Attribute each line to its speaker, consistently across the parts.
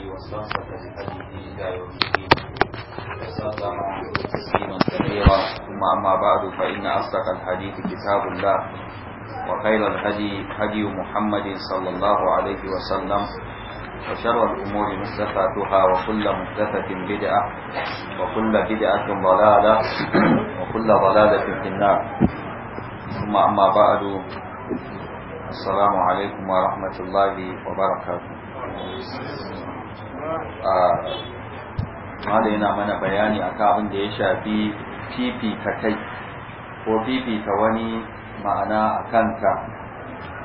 Speaker 1: هديه واستمسك بهديه الى يوم الدين
Speaker 2: وسلم تسليما كثيرا ثم اما بعد فان اصدق الحديث كتاب الله وخير الهدي هدي محمد صلى الله عليه وسلم وشر الامور محدثاتها وكل محدثه بدعه وكل بدعه ضلاله وكل ضلاله في النار ثم اما بعد السلام عليكم ورحمة الله وبركاته malai yana mana bayani akan abin da ya shafi fifita kai ko fifita wani ma'ana a kanta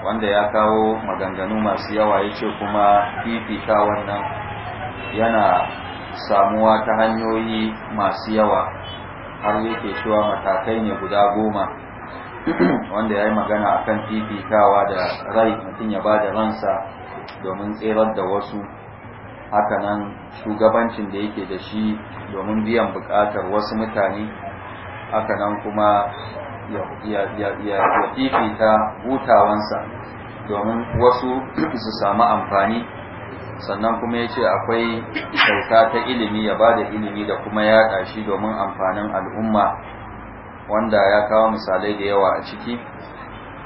Speaker 2: wanda ya kawo maganganu masu yawa ya ce kuma fifita wannan yana samuwa ta hanyoyi masu yawa har yake cewa matakai ne guda goma wanda ya yi magana a kan akan fifitawa da rai mutum ya ba da ransa domin tserar da wasu hakanan shugabancin da yake da shi domin biyan bukatar wasu mutane hakanan kuma ya fifita hutawansa domin wasu su samu amfani sannan kuma ya ce akwai kyauta ta ilimi ya ba da ilimi da kuma yaɗa shi domin amfanin al'umma wanda ya kawo misalai da yawa a ciki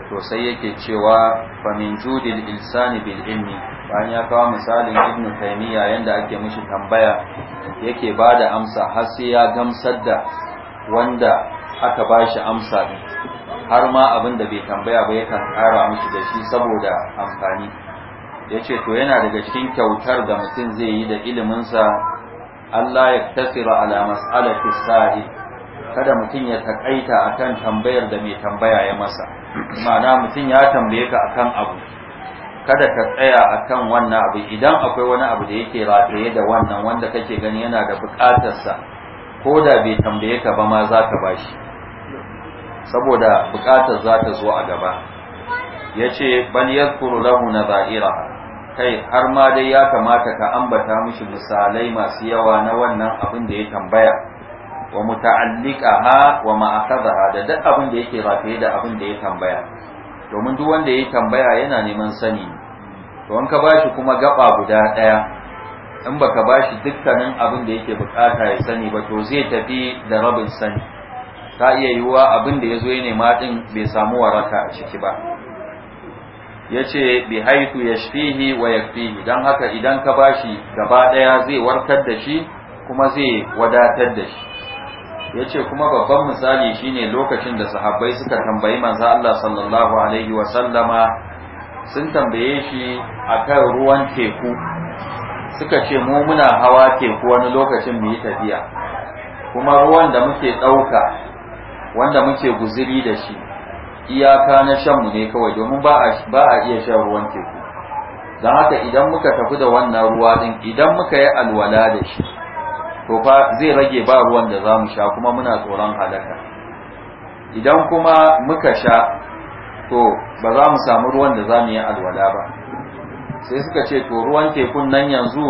Speaker 2: to sai yake cewa famin judil insani bil ilmi bayan ya kawo misalin ibn taymiya yanda ake mishi tambaya yake ba da amsa har sai ya gamsar da wanda aka ba shi amsa din har ma abin da bai tambaya ba yakan kara mishi da shi saboda amfani yace to yana daga cikin kyautar da mutum zai yi da iliminsa Allah ya tasira ala mas'alati sa'i kada mutum ya takaita akan tambayar da mai tambaya ya masa ma'ana mutum ya tambaye ka akan abu kada ka tsaya akan wannan abu idan akwai wani abu da yake rataye da wannan wanda kake gani yana da bukatarsa ko da bai tambaye ka ba ma za ka ba saboda bukatar za ta zo a gaba ya ce bal yadkuru lahu nadha'ira kai har ma dai ya kamata ka ambata mishi misalai masu yawa na wannan abin da ya tambaya wa ha wa ma da duk abin da yake rataye da abin da ya tambaya domin duk wanda ya tambaya yana neman sani to an ka bashi kuma gaba guda ɗaya in baka bashi dukkanin abin da yake bukata ya sani ba to zai tafi da rabin sani ta iya yiwuwa abin da ya zo ya nema bai samu waraka a ciki ba ya ce bi haitu ya wa ya don haka idan ka bashi gaba ɗaya zai warkar da shi kuma zai wadatar da shi ya ce kuma babban misali shine lokacin da sahabbai suka tambayi manzo Allah sallallahu alaihi wa sun tambaye shi akan ruwan teku suka ce mu muna hawa teku wani lokacin mu yi tafiya kuma ruwan da muke ɗauka wanda muke guziri da shi iyaka na shanmu ne kawai domin ba a iya shan ruwan teku don haka idan muka tafi da wannan ruwa ɗin idan muka yi alwala da shi to fa zai rage ba ruwan da za mu sha kuma muna tsoron halaka idan kuma muka sha to ba za mu samu ruwan da za mu yi alwala ba sai suka ce to ruwan tekun nan yanzu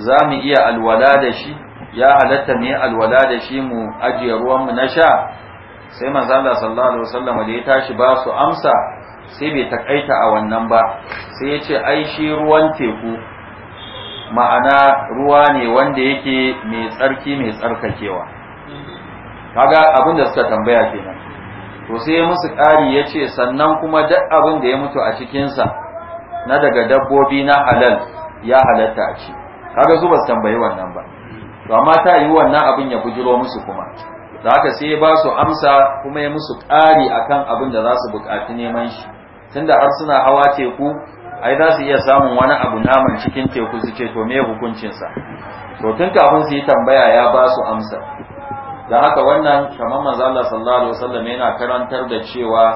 Speaker 2: za mu iya alwala da shi ya halatta mu yi alwala da shi mu ajiye ruwanmu na sha sai manzala sallallahu alaihi wasallam da ya tashi ba su amsa sai bai takaita a wannan ba sai ya ce ai shi ruwan teku ma'ana ruwa ne wanda yake mai tsarki mai tsarkakewa kaga abin da suka tambaya kenan to sai ya musu ƙari ya ce sannan kuma duk abin da ya mutu a cikinsa na daga dabbobi na halal ya halatta a ci kaga su ba su tambayi wannan ba to amma ta yi wannan abin ya bujiro musu kuma da haka sai ya ba su amsa kuma ya musu ƙari a kan abin da za su buƙaci neman shi tunda har suna hawa teku ai za su iya samun wani abu naman cikin teku su ce to me hukuncinsa to tun kafin su yi tambaya ya ba su amsa da haka wannan kamar manzo Allah sallallahu alaihi wasallam yana karantar da cewa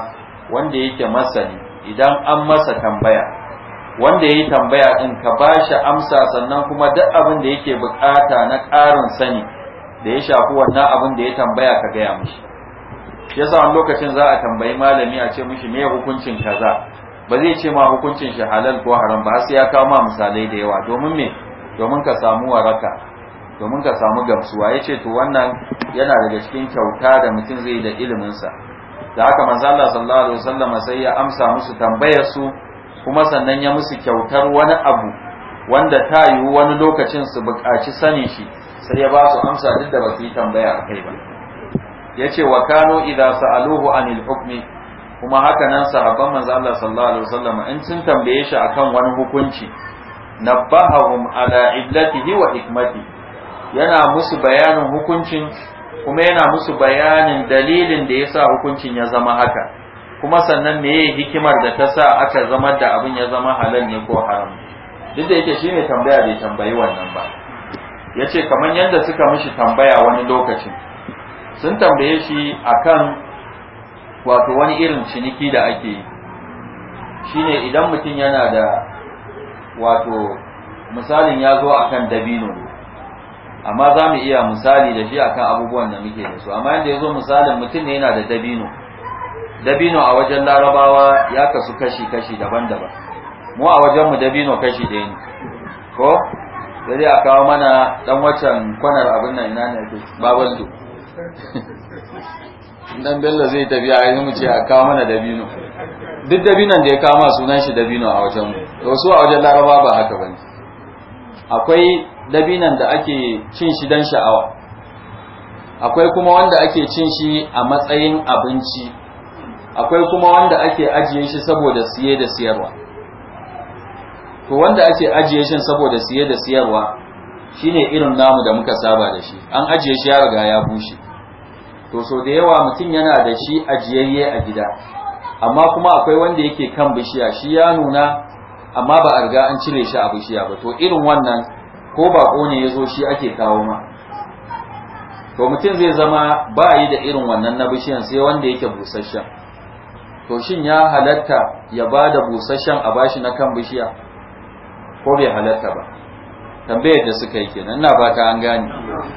Speaker 2: wanda yake masani idan an masa tambaya wanda yayi tambaya din ka bashi amsa sannan kuma duk abin da yake bukata na karin sani da ya shafi wannan abin da ya tambaya ka gaya mishi yasa a lokacin za a tambayi malami a ce mishi me hukuncin kaza ba zai ce ma hukuncin shi halal ko haram ba sai ya kawo ma misalai da yawa domin me domin ka samu waraka domin ka samu gamsuwa ya ce to wannan yana daga cikin kyauta da mutum zai da iliminsa da haka manzo Allah sallallahu alaihi wasallama sai ya amsa musu tambayar su kuma sannan ya musu kyautar wani abu wanda ta yiwu wani lokacin su buƙaci sanin shi sai ya ba su amsa duk da ba su yi tambaya a kai ba ya ce wa kano idan sa'aluhu anil hukmi kuma haka nan sahabban manzo Allah sallallahu alaihi wasallama in sun tambaye shi akan wani hukunci nabbahum ala illatihi wa hikmatihi yana musu bayanin hukuncin kuma yana musu bayanin dalilin da ya sa hukuncin ya zama haka kuma sannan meye hikimar da ta sa aka zama da abin ya zama halal ne ko haram duk da yake shine tambaya bai tambayi wannan ba ya ce kamar yadda suka mishi tambaya wani lokaci, sun tambaye shi akan wato wani irin ciniki da ake yi shine idan mutum yana da wato misalin ya zo akan dabino amma za mu iya misali da shi akan abubuwan da muke da su amma yadda ya zo misalin mutum ne yana da dabino dabino a wajen larabawa ya kasu kashi-kashi daban-daban mu a wajenmu dabino kashi ɗaya ne ko sai dai a kawo mana ɗan waccan kwanar abin nan ina ne babal do? dan bello zai tafi a yi mu ce a kawo mana dabino duk dabinon da ya kama sunan shi dabino a wajenmu wasu a wajen larabawa ba haka bane akwai dabinan da ake cin shi don sha'awa akwai kuma wanda ake cin shi a matsayin abinci akwai kuma wanda ake ajiye shi saboda siye da siyarwa to wanda ake ajiye shi saboda siye da siyarwa shine irin namu da muka saba da shi an ajiye shi ya riga ya bushe to so da yawa mutum yana da shi ajiyayye a gida amma kuma akwai wanda yake kan bishiya shi ya nuna amma ba a riga an cire shi a bishiya ba to irin wannan ko baƙo ne ya zo shi ake kawo ma to mutum zai zama ba yi da irin wannan na bishiyan sai wanda yake busasshen to shin ya halatta ya ba da busasshen a bashi na kan bishiya ko bai halatta ba tambayar da suka yi kenan ina ba ta an gane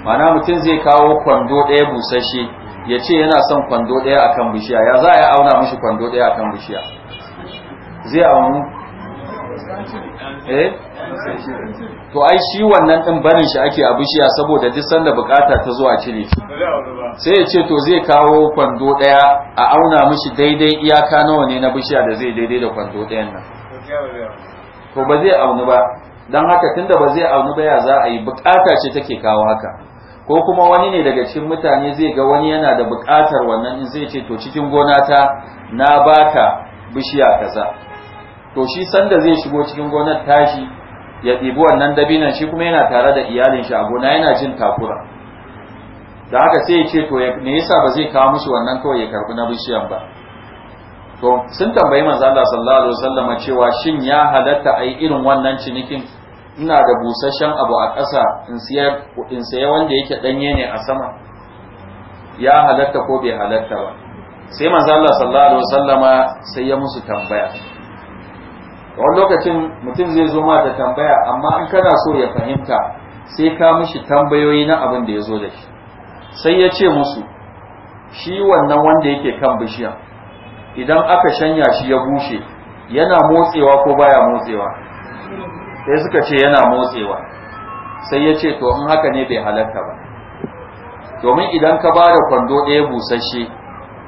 Speaker 2: mana mutum zai kawo kwando ɗaya busasshe ya ce yana son kwando ɗaya akan bishiya ya za a yi auna mishi kwando ɗaya akan bishiya zai amu. Eh? to ai shi wannan din barin shi ake a bishiya saboda duk sanda bukata ta zuwa cire shi sai ya ce to zai kawo kwando daya a auna mishi daidai iyaka nawa ne na bishiya da zai daidai da kwando dayan nan to ba zai auna ba dan haka tunda ba zai auna ba ya za a yi bukata ce take kawo haka ko kuma wani ne daga cikin mutane zai ga wani yana da bukatar wannan in zai ce to cikin gona ta na baka bishiya kaza to shi sanda zai shigo cikin gonar tashi ya ɗibi wannan dabinan shi kuma yana tare da iyalin shi a gona yana jin takura da haka sai ya ce to me yasa ba zai kawo musu wannan kawai ya karbi na bishiyan ba to sun tambayi manzo Allah sallallahu alaihi wasallam cewa shin ya halatta ai irin wannan cinikin ina da busasshen abu a ƙasa in siyar in wanda yake danye ne a sama ya halatta ko bai halatta ba sai manzo Allah sallallahu alaihi wasallama sai ya musu tambaya wani lokacin mutum zai zo ma da tambaya amma in kana so ya fahimta sai ka mishi tambayoyi na abin da ya zo da shi sai ya ce musu shi wannan wanda yake kan bishiya idan aka shanya shi ya bushe yana motsewa ko baya motsewa sai suka ce yana motsewa sai ya ce to in haka ne bai halatta ba domin idan ka ba da kwando ɗaya busasshe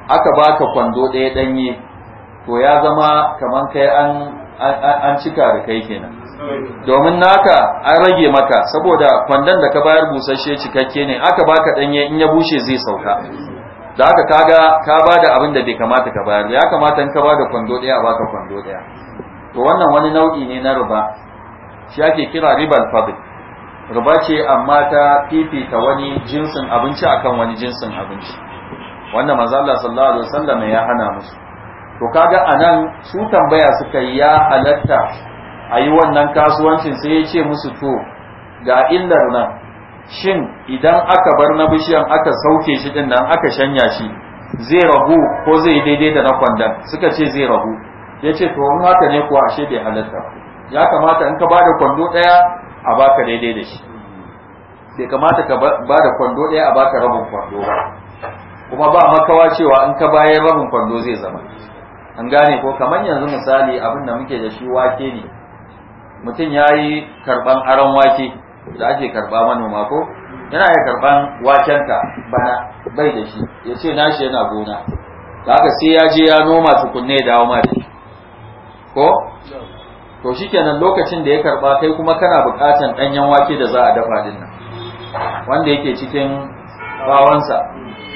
Speaker 2: aka baka kwando ɗaya ɗanye to ya zama kamar kai an an cika da kai kenan domin naka an rage maka saboda kwandon da ka bayar busasshe cikakke ne aka baka danye in ya bushe zai sauka da aka kaga ka ba da abin da bai kamata ka bayar ya kamata in ka bada kwando daya a baka kwando daya to wannan wani nau'i ne na riba shi ake kira ribal fadl riba ce amma ta fifita wani jinsin abinci akan wani jinsin abinci wannan manzo Allah sallallahu alaihi wasallam ya hana musu to kaga anan su tambaya suka yi ya halatta a yi wannan kasuwancin sai ya ce musu to ga illar nan shin idan aka bar na bishiyan aka sauke shi din nan aka shanya shi zai ragu ko zai daidai da na kwandon suka ce zai ragu ya ce to in haka ne kuwa ashe bai halatta ya kamata in ka ba da kwando ɗaya a baka daidai da shi bai kamata ka ba da kwando ɗaya a baka rabin kwando ba kuma ba makawa cewa in ka bayar rabin kwando zai zama an gane ko kamar yanzu misali abin da muke da shi wake ne mutum ya yi karban aron wake da ake karba manoma ko yana iya karɓan wakenka bana bai da shi ya ce nashi yana gona da haka sai ya je ya noma tukunne ya dawo ma ko to kenan lokacin da ya karba kai kuma kana bukatan ɗanyen wake da za a dafa din nan wanda yake cikin bawansa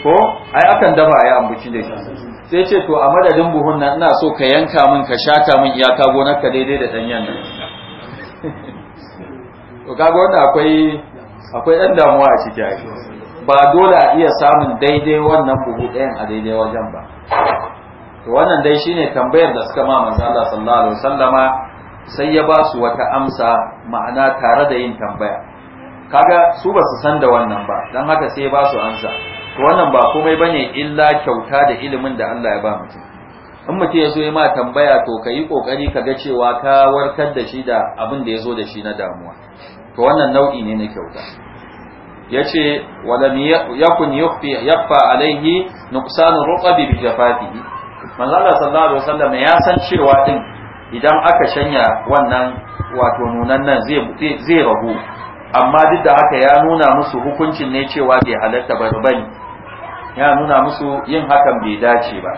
Speaker 2: ko ai akan dafa ya ambaci da shi sai ce to a madadin buhun nan ina so ka yanka min ka shata min iyaka gonarka daidai da danyen nan to kaga wanda akwai akwai ɗan damuwa a ciki ake ba dole a iya samun daidai wannan buhu ɗayan a daidai wajen ba to wannan dai shine tambayar da suka ma manzo Allah sallallahu alaihi wasallama sai ya ba su wata amsa ma'ana tare da yin tambaya kaga su ba su san da wannan ba dan haka sai ya ba su amsa wannan ba komai bane illa kyauta da ilimin da Allah ya ba mutum in mutum ya zo ya ma tambaya to ka yi ƙoƙari ka ga cewa ka warkar da shi da abin da ya zo da shi na damuwa to wannan nau'i ne na kyauta ya ce walam yakun yakfa alaihi nuqsan ruqabi bi jafatihi manzo Allah sallallahu alaihi wasallam ya san cewa din idan aka shanya wannan wato nunan nan zai zai ragu amma duk da haka ya nuna musu hukuncin ne cewa bai halatta ba bane ya nuna musu yin hakan bai dace ba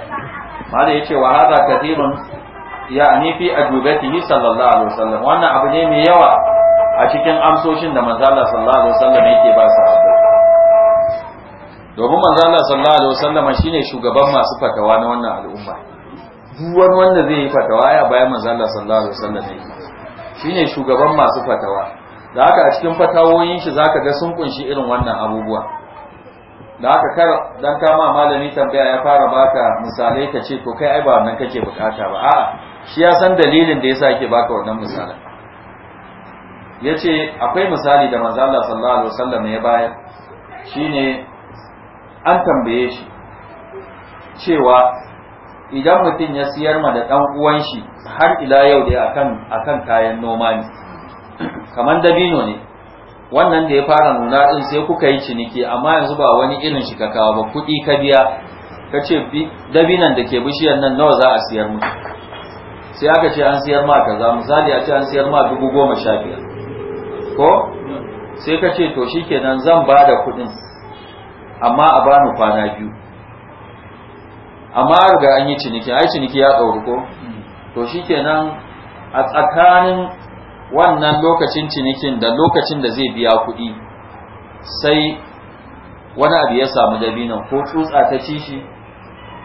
Speaker 2: mala ya ce wa haza kathirun ya ni fi ajubatihi sallallahu alaihi wasallam wannan abu ne mai yawa a cikin amsoshin da manzo Allah sallallahu alaihi wasallam yake ba sa domin manzo Allah sallallahu alaihi wasallam shine shugaban masu fatawa na wannan al'umma duk wani wanda zai yi fatawa ya bayan manzo Allah sallallahu alaihi wasallam shine shugaban masu fatawa da haka a cikin fatawoyin shi zaka ga sun kunshi irin wannan abubuwa da haka kar dan kama malami tambaya ya fara baka misalai ka ce to kai ai ba wannan kake bukata ba a'a shi ya san dalilin da yasa yake baka wannan misalan yace akwai misali da manzo Allah sallallahu alaihi wasallam ya bayar shine an tambaye shi cewa idan mutum ya siyar ma da dan uwan shi har ila yau dai akan akan kayan noma ne kamar dabino ne wannan da ya fara nuna din sai kuka yi ciniki amma yanzu ba wani irin shi ka kawo ba kuɗi ka biya ka ce dabinan da ke bishiyar nan nawa za a siyar mu sai aka ce an siyar ma kaza misali a ce an siyar ma dubu goma sha biyar ko sai ka ce to shikenan zan ba da kuɗin amma a bani kwana biyu amma riga an yi ciniki ai ciniki ya ɗauri ko hmm. to shikenan a tsakanin wannan lokacin cinikin da lokacin da zai biya kuɗi sai wani abu ya samu dabinan ko tsutsa ta ci shi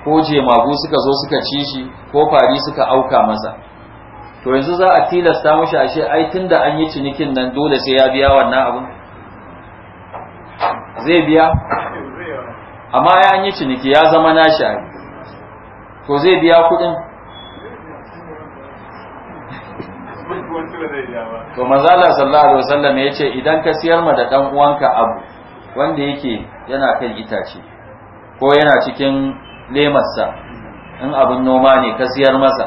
Speaker 2: ko jemagu suka zo suka ci shi ko fari suka auka masa to yanzu za a tilasta mashi ashe ai tun da an yi cinikin nan dole sai ya biya wannan abin zai biya amma ya an yi ciniki ya zama nashi to zai biya kuɗin
Speaker 1: to mazala sallallahu alaihi
Speaker 2: wasallam ya ce idan ka siyar ma da dan uwanka abu wanda yake yana kan itace ko yana cikin lemarsa in abin noma ne ka siyar masa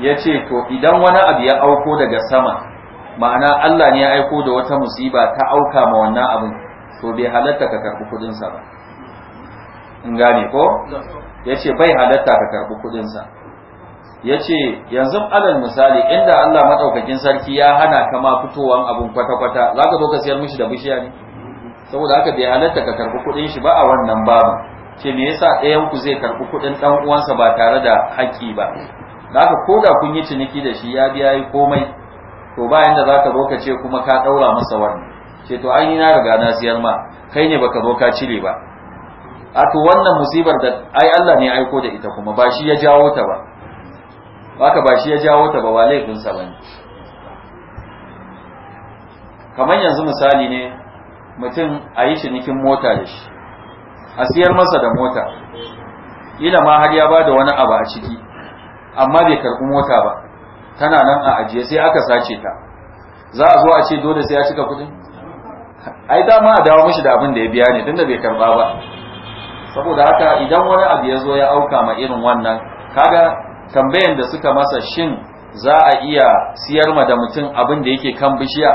Speaker 2: ya ce to idan wani abu ya auko daga sama ma'ana Allah ne ya aiko da wata musiba ta auka ma wannan abin to bai halatta ka karbi sa ba in gane ko ya ce bai halatta ka karbi sa ya ce yanzu alal misali inda Allah maɗaukakin sarki ya hana kama fitowan abin kwata-kwata za ka zo ka siyar mishi da bishiya ne saboda haka bai halatta ka karɓi kuɗin shi ba a wannan babu ce me yasa ɗayan ku zai karɓi kuɗin ɗan uwansa ba tare da haƙƙi ba da haka ko da kun yi ciniki da shi ya biya yi komai to ba inda za ka zo ka ce kuma ka ɗaura masa wannan ce to an yi na riga na siyar ma kai ne baka zo ka cire ba a to wannan musibar da ai Allah ne aiko da ita kuma ba shi ya jawo ta ba haka ba shi ya jawo ta ba ba laifinsa ba ne kamar yanzu misali ne mutum a yi cinikin mota da shi a siyar masa da mota ila ma har ya ba da wani abu a ciki amma bai karɓi mota ba tana nan a ajiye sai aka sace ta za a zo a ce dole sai ya cika kudin ai dama a dawo mishi da abin da ya biya ne tunda bai karɓa ba saboda haka idan wani abu ya zo ya auka ma irin wannan kaga tambayan da suka masa shin za a iya siyar ma da mutum abin da yake kan bishiya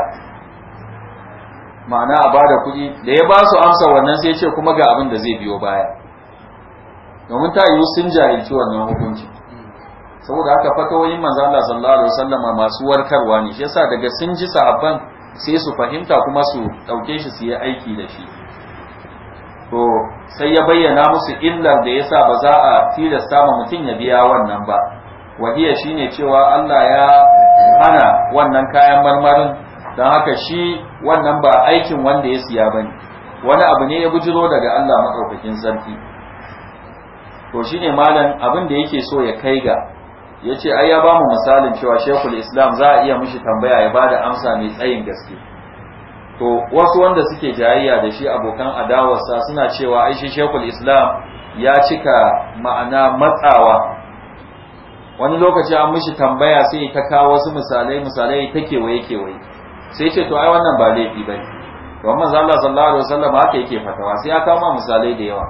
Speaker 2: ma'ana a bada kuɗi da ya ba su amsa wannan sai ce kuma ga abin da zai biyo baya domin ta yiwu sun jahilci wannan hukunci saboda haka fatawoyin manzo Allah sallallahu alaihi wasallama masu warkarwa ne shi yasa daga sun ji sahabban sai su fahimta kuma su ɗauke shi su yi aiki da shi to sai ya bayyana musu illar da yasa ba za a tilasta ma mutum ya biya wannan ba wahiya shine cewa Allah ya hana wannan kayan marmarin don haka shi wannan ba aikin wanda ya siya ba ne. wani abu ne ya bujiro daga Allah maɗaukakin sarki to shine malam abin da yake so ya kai ga yace ai ya mu misalin cewa shekul Islam za a iya mishi tambaya ya ba da amsa mai tsayin gaske to wasu wanda suke jayayya da shi abokan adawarsa suna cewa ai shi shekul islam ya cika ma'ana matsawa wani lokaci an mishi tambaya sai ta kawo wasu misalai misalai ta kewaye kewaye sai ce to ai wannan ba laifi bane to amma Allah sallallahu alaihi wasallam haka yake fatawa sai ya kawo misalai da yawa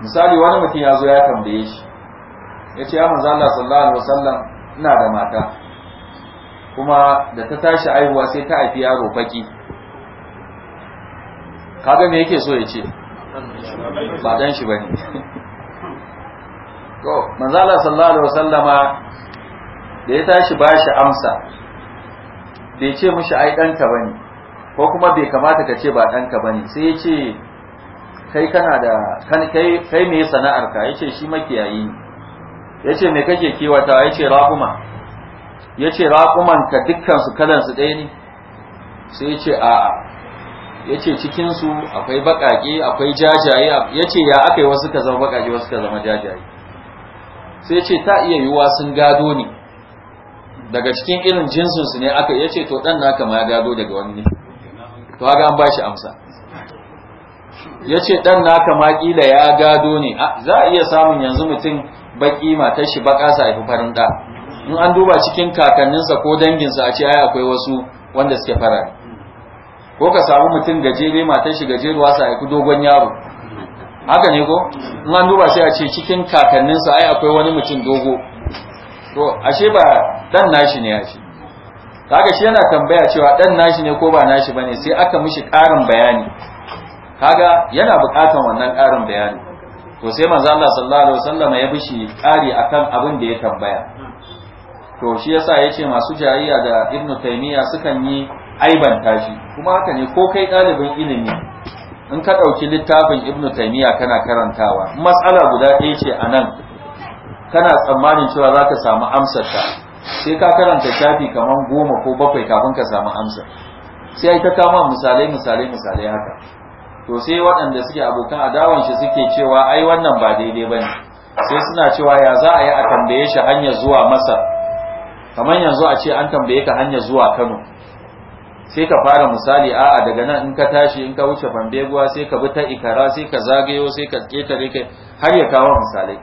Speaker 2: misali wani mutum ya zo ya tambaye shi ya ce ya manzo Allah sallallahu alaihi wasallam ina da mata kuma da ta tashi aihuwa sai ta haifi yaro baki kaga me yake so ya ce ba dan shi bane to manzo Allah sallallahu alaihi wasallama da ya tashi ba shi amsa bai ce mishi ai danka bane ko kuma bai kamata ka ce ba danka bane sai ya ce kai kana da kan kai kai me sana'ar ka yace shi makiyayi yace me kake kiwata yace raquma yace raquman ka dukkan su kalan su ɗaya ne sai yace a'a yace cikin su akwai bakake akwai jajaye yace ya akai wasu ka zama bakake wasu ka zama jajaye sai yace ta iya yiwuwa sun gado ne daga cikin irin jinsin su ne aka yace to dan naka ma ya gado daga wani ne to haka an bashi amsa yace dan naka ma kila ya gado ne za a iya samun yanzu mutum baki ta shi baka sa haifi farin da in an duba cikin kakanninsa ko danginsa a ce ai akwai wasu wanda suke fara ko ka samu mutum gajere matar shi gajeruwa sa haifi dogon yaro haka ne ko in an duba sai a ce cikin kakanninsa ai akwai wani mutum dogo to ashe ba dan nashi ne ashe kaga shi yana tambaya cewa dan nashi ne ko ba nashi bane sai aka mishi ƙarin bayani kaga yana bukatan wannan karin bayani to sai manzo Allah sallallahu alaihi wasallam ya bishi shi ƙari akan abin da ya tambaya to shi yasa yace masu jayayya da ibnu taymiya sukan yi aibanta shi kuma haka ne ko kai ɗalibin ilimi in ka ɗauki littafin ibnu taimiyya kana karantawa matsala guda ɗaya ce a nan kana tsammanin cewa za ka samu amsar ta? sai ka karanta shafi kamar goma ko bakwai kafin ka samu amsar sai ta kama misalai misalai misalai haka to sai waɗanda suke abokan adawan shi suke cewa ai wannan ba daidai ba ne sai suna cewa ya za a yi a tambaye shi hanyar zuwa masar kamar yanzu a ce an tambaye ka hanyar zuwa kano sai ka fara misali a'a daga nan in ka tashi in ka wuce fambeguwa sai ka bi ta ikara sai ka zagayo sai ka ketare kai har ya kawo misalai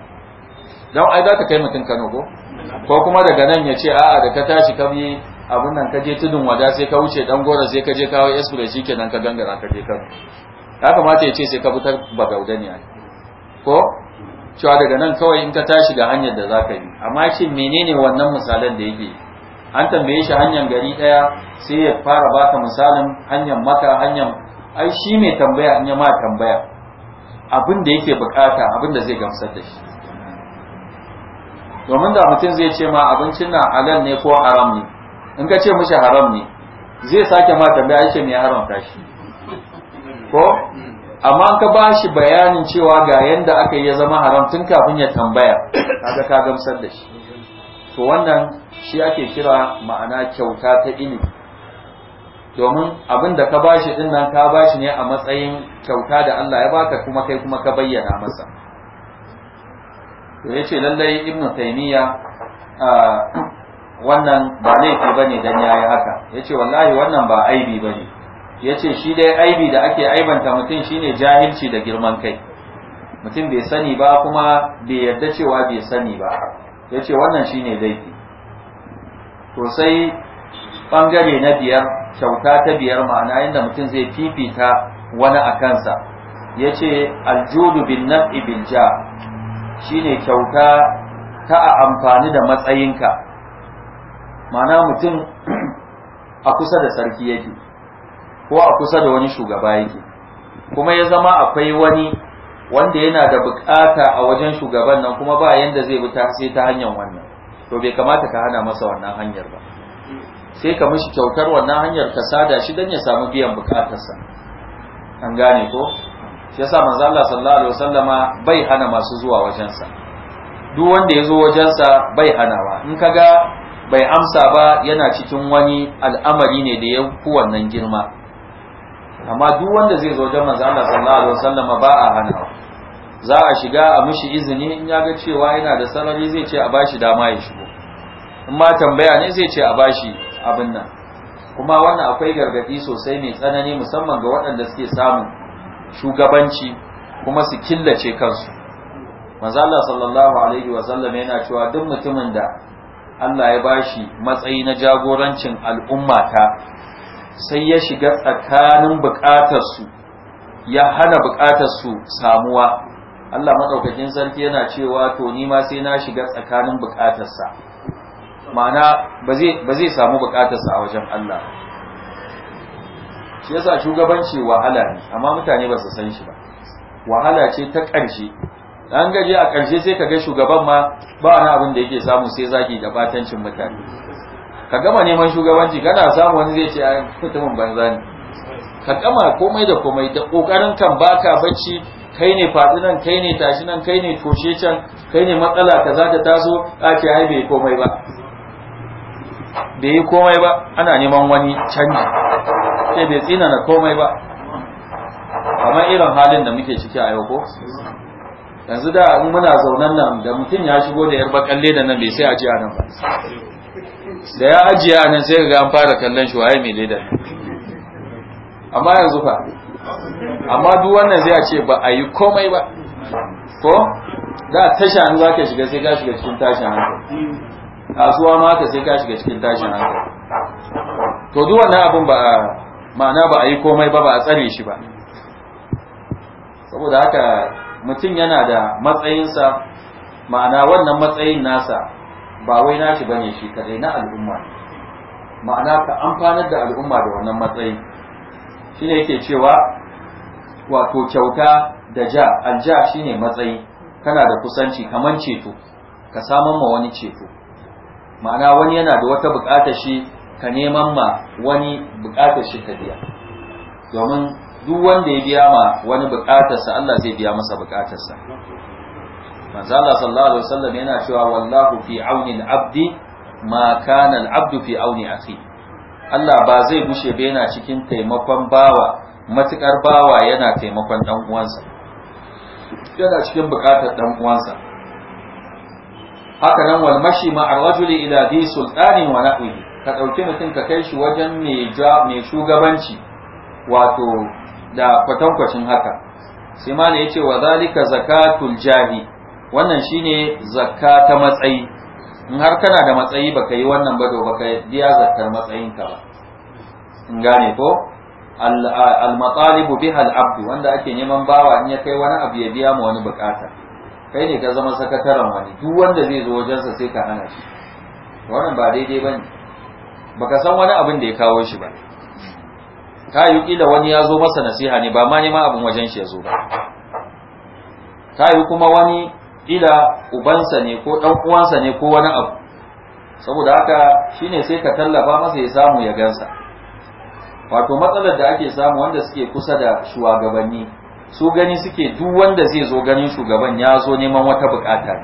Speaker 2: don ai za ka kai mutum kano ko ko kuma daga nan ya ce a'a da ka tashi ka bi abin nan ka je tudun wada sai ka wuce dan gora sai ka je kawo espresso shi kenan ka gangara ka je kano ya kamata ya ce sai ka bi ta bagauda ne ko cewa daga nan kawai in ka tashi ga hanyar da za ka yi amma shin menene wannan misalan da yake an tambaye shi hanyar gari daya sai ya fara baka misalin hanyar maka hanyar ai shi mai tambaya ya ma tambaya abin da yake bukata abin da zai gamsar da shi domin da mutum zai ce ma abincin na alal ne ko haram ne in ka ce mishi haram ne zai sake ma tambaya ai ce me haramta shi ko amma ka ba shi bayanin cewa ga yanda aka yi ya zama haram tun kafin ya tambaya kaga ka gamsar da shi to wannan shi ake kira ma'ana kyauta ta ilimi domin abin da ka bashi din nan ka bashi ne a matsayin kyauta da Allah ya baka kuma kai kuma ka bayyana masa to yace lallai ibnu taymiya wannan ba laifi bane dan yayi haka yace wallahi wannan ba aibi bane yace shi dai aibi da ake aibanta mutum shine jahilci da girman kai mutum bai sani ba kuma bai yarda cewa bai sani ba yace wannan shine laifi to sai bangare na biyar kyauta ta biyar ma'ana yadda mutum zai fifita wani a kansa ya ce aljudu bin nan ibin ja ne kyauta ta a amfani da matsayinka ma'ana mutum a kusa da sarki yake ko a kusa da wani shugaba yake kuma ya zama akwai wani wanda yana da bukata a wajen shugaban nan kuma ba yadda zai bi ta sai ta hanyar wannan to bai kamata ka hana masa wannan hanyar ba sai ka mishi kyautar wannan hanyar ka sada shi don ya samu biyan bukatarsa an gane ko shi yasa manzo Allah sallallahu alaihi wasallama bai hana masu zuwa wajensa duk wanda ya zo wajensa bai hanawa in ka ga bai amsa ba yana cikin wani al'amari ne da ya fi wannan girma amma duk wanda zai zo wajen manzo Allah sallallahu alaihi wasallama ba a hanawa za a shiga a mishi izini in ya ga cewa yana da sarari zai ce a bashi dama ya shigo in ma tambaya ne zai ce a bashi abin nan kuma wannan akwai gargadi sosai mai tsanani musamman ga waɗanda suke samun shugabanci kuma su killace kansu manzala sallallahu alaihi wa sallam yana cewa duk mutumin da Allah ya bashi matsayi na jagorancin al'umma ta sai ya shiga tsakanin bukatarsu ya hana su samuwa Allah madaukakin sarki yana cewa to ni ma sai na shiga tsakanin bukatarsa ma'ana ba zai samu bukatarsa a wajen Allah shi yasa shugabanci wahala ne amma mutane ba su san shi ba wahala ce ta ƙarshe an gaje a ƙarshe sai ka ga shugaban ma ba wani abin da yake samu sai zaki da batancin mutane ka gama neman shugabanci kana samu wani zai ce a mutumin banza ne ka gama komai da komai da ƙoƙarin kan baka bacci kai ne faɗi nan kai ne tashi nan kai ne toshe can kai ne matsala za ta taso a ce ai bai komai ba bai yi komai ba ana neman wani canji sai bai tsina na komai ba kamar irin halin da muke ciki a yau ko yanzu da in muna zaunan nan da mutum ya shigo da yar bakalle da nan bai sai ajiya nan ba
Speaker 1: da ya ajiya
Speaker 2: nan sai ga an fara kallon shi waye mai leda amma yanzu fa
Speaker 1: amma duk wannan zai ce
Speaker 2: ba a yi komai ba ko da tashan za ka shiga sai ka shiga cikin tashin hankali kasuwa ma ka sai ka shiga cikin tashin hankali to duk wannan abin ba ma'ana ba a yi komai ba ba a tsare shi ba saboda haka mutum yana da matsayinsa ma'ana wannan matsayin nasa ba wai nashi bane shi kadai na al'umma ma'ana ka amfanar da al'umma da wannan matsayin shine yake cewa wato kyauta da ja alja shine matsayi kana da kusanci kaman ceto ka saman ma wani ceto ma'ana wani yana da wata buƙatar shi ka neman ma wani buƙatar shi ka biya domin duk wanda ya biya ma wani bukatarsa Allah zai biya masa bukatarsa manzo Allah sallallahu alaihi wasallam yana cewa wallahu fi auni al-abdi ma kana al-abdu fi auni akhihi Allah ba zai gushe ba yana cikin taimakon bawa matukar bawa yana taimakon dan uwansa yana cikin bukatar dan uwansa haka nan wal mashi ma ar-rajuli ila di sultani wa nahwihi ka dauki mutum ka kai shi wajen mai mai shugabanci wato da kwatankwacin haka sai ma ne yace wa zalika zakatul jahi wannan shine zakka ta matsayi in har kana da matsayi baka yi wannan ba to baka biya zakkar matsayinka ba in gane ko al-matalibu biha al wanda ake neman bawa in ya kai wani abu ya biya ma wani bukata kai ne ka zama sakataren wani duk wanda zai zo wajensa sai ka hana shi wannan ba daidai bane baka san wani abin da ya kawo shi ba ka yi kila wani ya zo masa nasiha ne ba ma neman abin wajen shi ya zo ba ka yi kuma wani ila ubansa ne ko ɗan uwansa ne ko wani abu saboda haka shine sai ka tallafa masa ya samu ya gansa wato matsalar da ake samu wanda suke kusa da shugabanni su gani suke duk wanda zai zo ganin shugaban ya zo neman wata bukata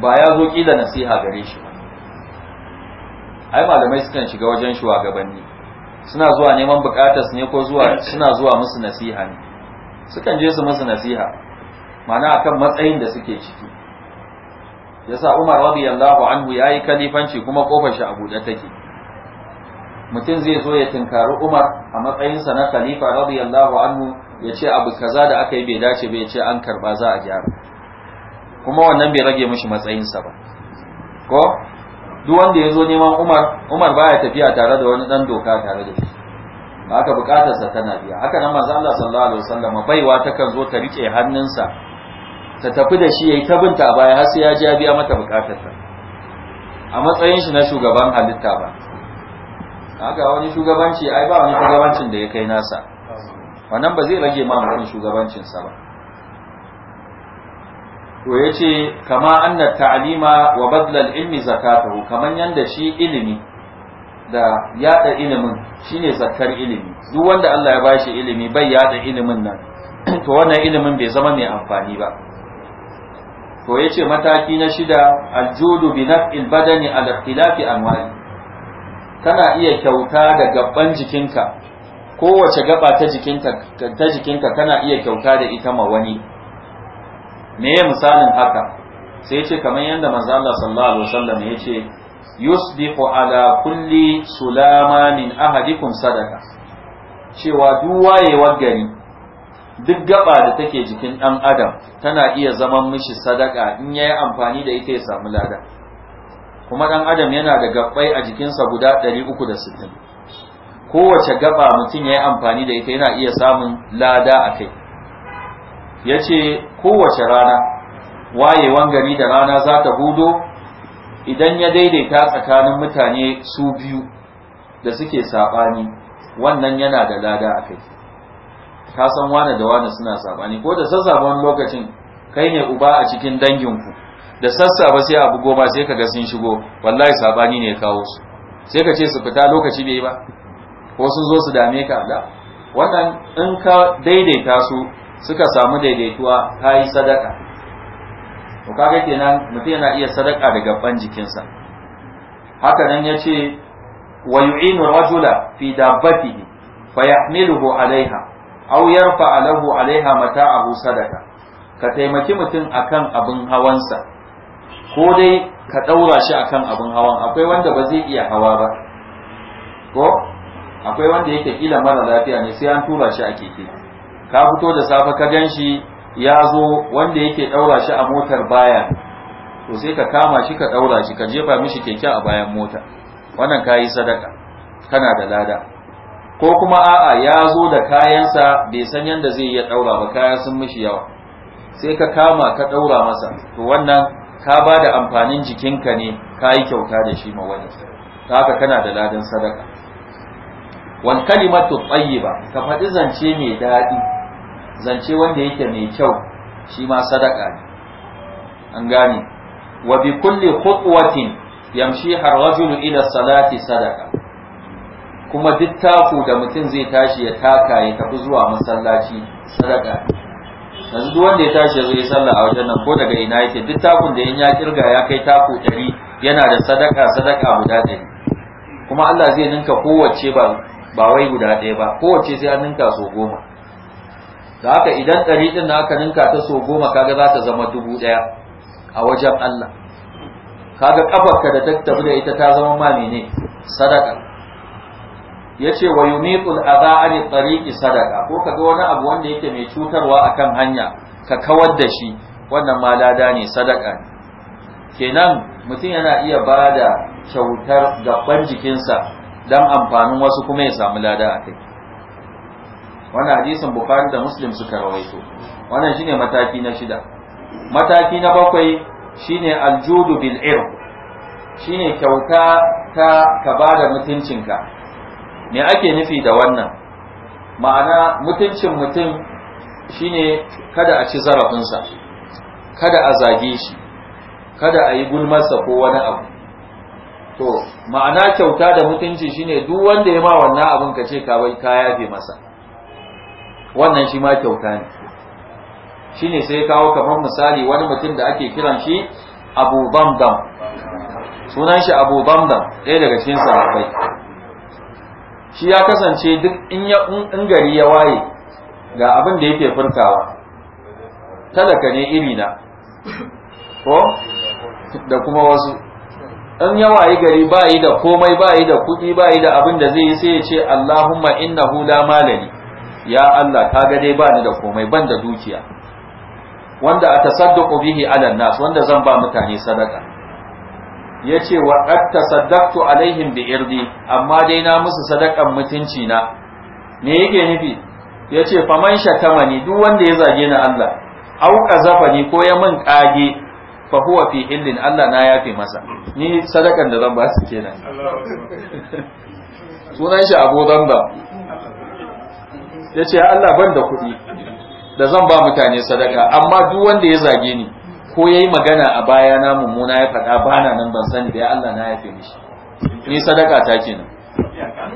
Speaker 2: ba ya zo kila nasiha gare shi ai malamai sukan shiga wajen shugabanni suna zuwa neman bukatas ne ko zuwa suna zuwa musu nasiha ne sukan je su musu nasiha Ma'ana akan matsayin da suke ciki yasa Umar radiyallahu anhu yayi kalifanci kuma kofar shi a buɗe take mutum zai zo ya tinkari Umar a matsayinsa na khalifa radiyallahu anhu ya ce abu kaza da aka yi bai dace ba ya ce an karba za a gyara kuma wannan bai rage mishi matsayinsa ba ko duk wanda ya zo neman Umar Umar baya tafiya tare da wani dan doka tare da shi ba aka bukatarsa tana biya haka nan manzo Allah sallallahu alaihi wasallam baiwa takan zo ta rike hannunsa ta tafi da shi yayi tabinta a baya sai ya ji biya mata bukatarsa a matsayin shi na shugaban halitta ba haka wani shugabanci ai ba wani shugabancin da ya kai nasa wannan ba zai rage ma shugabancin shugabancinsa ba to yace ce kama anna talima wa badlal ilmi zakatuhu kaman yanda shi ilimi da yada ilimin shine zakar ilimi duk wanda Allah ya bashi ilimi bai yada ilimin nan to wannan ilimin bai zama mai amfani ba to yace mataki na shida aljudu bi naf'il badani ala ikhtilafi anwa'i kana iya kyauta da gaban jikinka kowace gaba ta jikinka ta jikinka kana iya kyauta da ita ma wani ya misalin haka sai yace kamar yadda manzo Allah sallallahu alaihi wasallam yace yusbihu ala kulli sulama min ahadikum sadaka cewa duk wayewar gari duk gaba da take jikin ɗan adam tana iya zaman mishi sadaka in ya yi amfani da ita ya samu lada kuma ɗan adam yana da gabbai a jikinsa guda 360 kowace gaba mutum ya yi amfani da ita yana iya samun lada a kai ya ce kowace rana wayewan gari da rana za ta hudo idan ya daidaita tsakanin mutane su biyu da suke saɓani wannan yana da lada a kai ka san wane da wane suna sabani ko da sassaban lokacin kai ne uba a cikin danginku da sassafe sai abu goma sai ka ga sun shigo wallahi sabani ne ya kawo su sai ka ce su fita lokaci bai ba ko sun zo su dame ka da wannan in ka daidaita su suka samu daidaituwa ka yi sadaka to kaga kenan mutum yana iya sadaka da gaban jikinsa haka nan ya ce wa yu'inu rajula fi dabbatihi fa yahmiluhu alaiha aw yarfa lahu alaiha abu sadaka ka taimaki mutum akan abin hawansa ko dai ka daura shi akan abin hawan akwai wanda ba zai iya hawa ba ko akwai wanda yake kila mara lafiya ne sai an tura shi a keke ka fito da safe ka gan shi ya zo wanda yake ɗaura shi a motar baya to sai ka kama shi ka ɗaura shi ka jefa mishi keke a bayan mota wannan kayi sadaka kana da lada ko kuma a'a ya zo da kayansa bai san yadda zai iya ɗaura ba kayan sun mishi yawa sai ka kama ka ɗaura masa to wannan ka ba da amfanin jikinka ne ka yi kyauta da shi ma wani ta haka kana da ladan sadaka wal kalimatu tayyiba ka faɗi zance mai daɗi zance wanda yake mai kyau shi ma sadaka ne an gane wa bi kulli khutwatin yamshi har rajulu ila salati sadaka kuma duk taku da mutum zai tashi ya taka ya tafi zuwa masallaci sadaka yanzu duk wanda ya tashi ya zo ya sallah a wajen nan ko daga ina yake duk takun da ya kirga ya kai taku ɗari yana da sadaka sadaka guda ɗari kuma Allah zai ninka kowace ba ba wai guda ɗaya ba kowace sai an ninka so goma da haka idan ɗari ɗin na aka ninka ta so goma kaga za ta zama dubu ɗaya a wajen Allah kaga kafarka da ta tafi da ita ta zama ma ne, sadaka yace wa yumiqul adha an tariqi sadaqa ko ga wani abu wanda yake mai cutarwa akan hanya ka kawar da shi wannan ma lada ne sadaka ne kenan mutum yana iya bada kyautar gaban jikinsa dan amfanin wasu kuma ya samu lada a kai wannan hadisin bukhari da muslim suka rawaito wannan shine mataki na shida mataki na bakwai shine aljudu bil irb shine kyauta ta ka bada mutuncinka me ake nufi da wannan ma'ana mutuncin mutum shine kada a ci zarafinsa kada a zage shi kada a yi gulmarsa ko wani abu to ma'ana kyauta da mutunci shine duk wanda ya ma wannan abin ka ce ka bai ka yafe masa wannan shi ma kyauta ne shine sai kawo kamar misali wani mutum da ake kiran shi abu bamdam sunan shi abu bamdam ɗaya daga cikin sahabbai shi ya kasance duk in gari ya waye ga abin da yake furtawa talaka ne irina ko da kuma wasu in ya waye gari ba yi da komai ba yi da kuɗi ba yi da abin da zai yi sai ya ce Allahumma innahu la malani ya Allah ka ga dai ba ni da komai ban da dukiya wanda a tasadduqu bihi ala nas wanda zan ba mutane sadaka ya ce wa qad tasaddaqtu alaihim bi irdi amma dai na musu sadakan mutunci na me yake nufi ya ce faman ni duk wanda ya zage ni Allah au ni ko ya min kage fa huwa fi illin Allah na yafe masa ni sadakan da zan ba su kenan sunan shi Abu Danda ya ce Allah ban da kuɗi da zan ba mutane sadaka amma duk wanda ya zage ni ko yayi magana a baya na mummuna ya faɗa bana nan ban sani bai Allah na yafe mishi ni sadaka ta
Speaker 1: nan.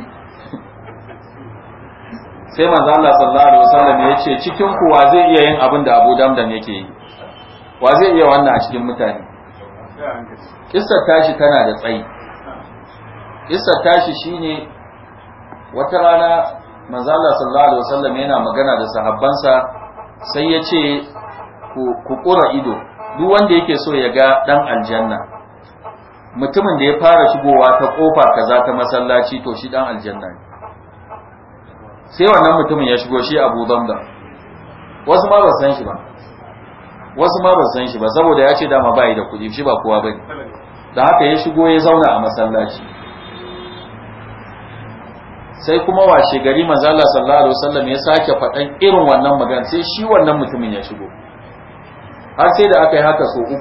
Speaker 2: sai manzo Allah sallallahu alaihi wasallam ya ce cikin ku wa zai iya yin abin da Abu Damdam yake yi wa zai iya wannan a cikin mutane kissar tashi tana da tsayi kissar tashi shine wata rana manzo Allah sallallahu alaihi wasallam yana magana da sahabbansa sai ya ce ku kura ido duk wanda yake so ya ga dan aljanna mutumin da ya fara shigowa ta kofa kaza ta masallaci to shi dan aljanna ne sai wannan mutumin ya shigo shi Abu Dhamdam wasu ma ba san shi ba wasu ma ba san shi ba saboda ya ce dama bai da kuɗi shi ba kowa bane da haka ya shigo ya zauna a masallaci sai kuma washe gari manzo Allah sallallahu alaihi wasallam ya sake faɗan irin wannan magana sai shi wannan mutumin ya shigo har sai da aka yi haka so uku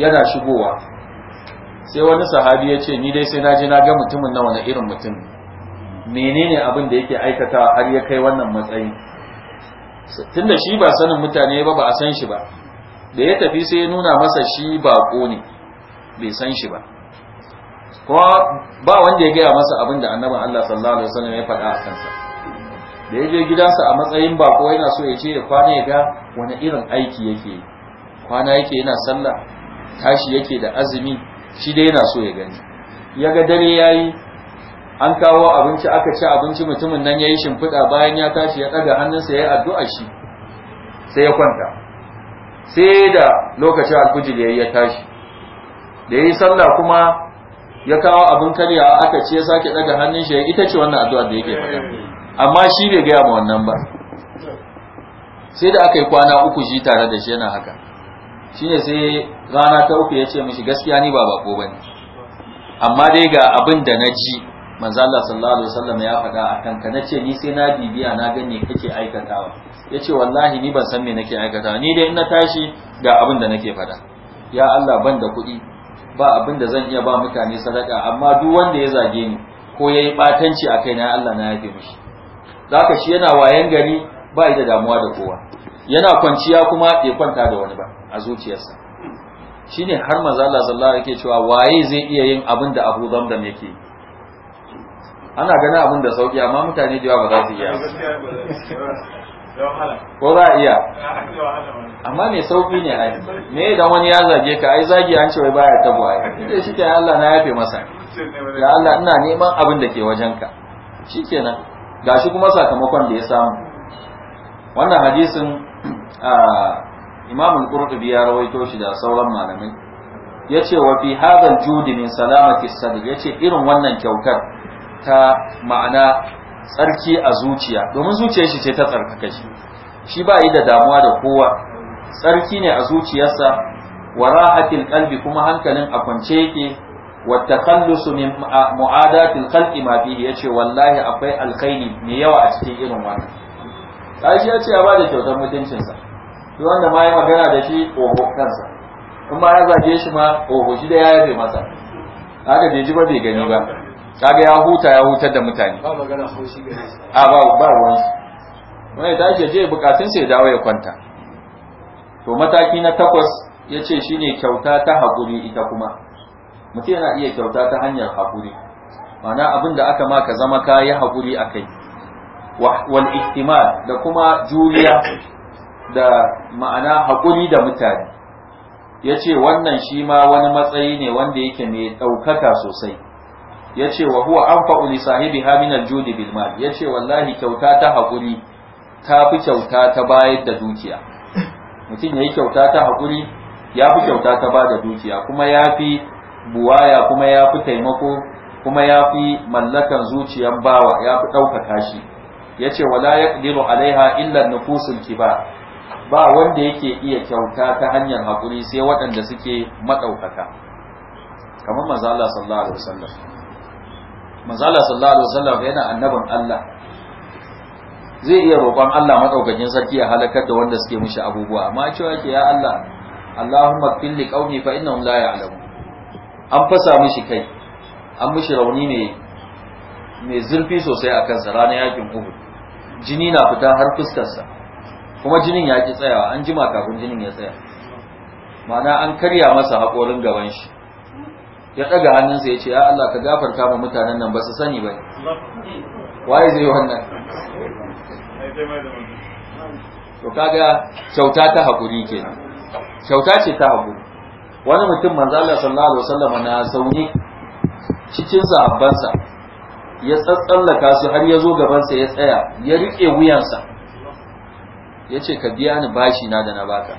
Speaker 2: yana shigowa sai wani sahabi ya ce ni dai sai na je na ga mutumin na wani irin mutum menene abin da yake aikata har ya kai wannan matsayi tunda shi ba sanin mutane ba ba a san shi ba da ya tafi sai ya nuna masa shi baƙo ne bai san shi ba kuma ba wanda ya gaya masa abin da annabin Allah sallallahu alaihi wasallam ya faɗa a kansa da ya je gidansa a matsayin bako yana so ya ce ya kwana ya ga wani irin aiki yake kwana yake yana sallah tashi yake da azumi shi dai yana so ya gani ya ga dare yayi an kawo abinci aka ci abinci mutumin nan yayi shimfiɗa bayan ya tashi ya ɗaga hannunsa ya yi addu'a shi sai ya kwanta sai da lokacin alfijir yayi ya tashi da yayi sallah kuma ya kawo abin karya aka ce ya sake ɗaga hannun shi ita ce wannan addu'a da yake faɗa amma shi bai gaya ma wannan ba sai da aka yi kwana uku shi tare da shi yana haka Shi ne sai rana ta uku ya ce mishi gaskiya ni ba bako bane amma dai ga abin da na ji manzo Allah sallallahu alaihi wasallam ya faɗa a kan ka ce ni sai na bibiya na gane kake aikatawa Ya ce wallahi ni ban san me nake aikatawa ni dai in na tashi ga abin da nake faɗa ya Allah ban da kuɗi ba abin da zan iya ba mutane sadaka amma duk wanda ya zage ni ko yayi ɓatanci a kai na, Allah na yafe mishi Zaka shi yana wayan gari ba da damuwa da kowa yana kwanciya kuma ya kwanta da wani ba a zuciyarsa shine har manzo Allah sallallahu alaihi cewa waye zai iya yin abin da Abu Zamzam yake ana ganin abin da sauki amma mutane da yawa ba za su iya ko za a iya amma mai sauki ne ai me da wani ya zage ka ai zagi an ce wai baya ta buwaye dai shi ke Allah na yafe masa ya Allah ina neman abin da ke wajenka shikenan gashi kuma sakamakon da ya samu wannan hadisin imamul qurtubi ya rawaito shi da sauran malamai yace wa fi hadal judi min salamati sadr yace irin wannan kyautar ta ma'ana tsarki a zuciya domin zuciyar shi ce ta tsarkaka shi shi ba yi da damuwa da kowa tsarki ne a zuciyarsa wa rahatil qalbi kuma hankalin a kwance yake والتخلص من معاداة الخلق ما فيه يشي والله أقوي الخير ميوى أشكي إرم وانا أشي أشي أبادة كيوتا متنشن سا يوانا ما يما كان دشي أوهو كنسا إما يزا جيش ما أوهو شده يا يبي مسا haka bai ji ba bai gani ba kaga ya huta ya hutar da mutane ba
Speaker 1: magana haushi gare shi
Speaker 2: a ba ba ruwan shi je dawo ya kwanta to mataki na takwas yace shine kyauta ta hakuri ita kuma mutum yana iya kyauta ta hanyar haƙuri mana abin da aka maka zama ka yi haƙuri a kai wal ihtimal da kuma juriya da ma'ana haƙuri da mutane ya ce wannan shi ma wani matsayi ne wanda yake mai ɗaukaka sosai ya ce wa huwa an fa'uli sahibi haminar judi bilmal ya ce wallahi kyauta ta haƙuri ta fi kyauta ta bayar da dukiya mutum ya yi kyauta ta haƙuri ya fi kyauta ta ba da dukiya kuma ya fi buwaya kuma ya fi taimako kuma ya fi mallakan zuciyar bawa ya fi ɗaukaka shi ya ce wala ya ƙiru alaiha illar nufusul kiba ba wanda yake iya kyauta ta hanyar haƙuri sai waɗanda suke maɗaukaka kamar mazala sallallahu alaihi wasallam mazala sallallahu alaihi wasallam yana annabin Allah zai iya roƙon Allah maɗaukakin sarki ya halakar da wanda suke mishi abubuwa amma cewa yake ya Allah Allahumma qil qaumi fa innahum la ya'lamun an fasa mishi kai an mishi rauni ne mai zurfi sosai a kansa ranar yakin uhud jini na fita har fuskarsa kuma jinin ya ki tsayawa an jima kafin jinin ya tsaya ma'ana an karya masa haƙorin gaban shi ya ɗaga hannunsa ya ce ya Allah ka gafarta ma mutanen nan ba su sani ba
Speaker 1: waye zai wannan
Speaker 2: to kaga kyauta ta haƙuri kenan kyauta ce ta haƙuri wani mutum manzo Allah sallallahu alaihi wasallam na zaune cikin sahabbansa ya tsatsallaka su har ya zo gabansa ya tsaya ya rike wuyansa ya ce ka biya ni bashi na da na baka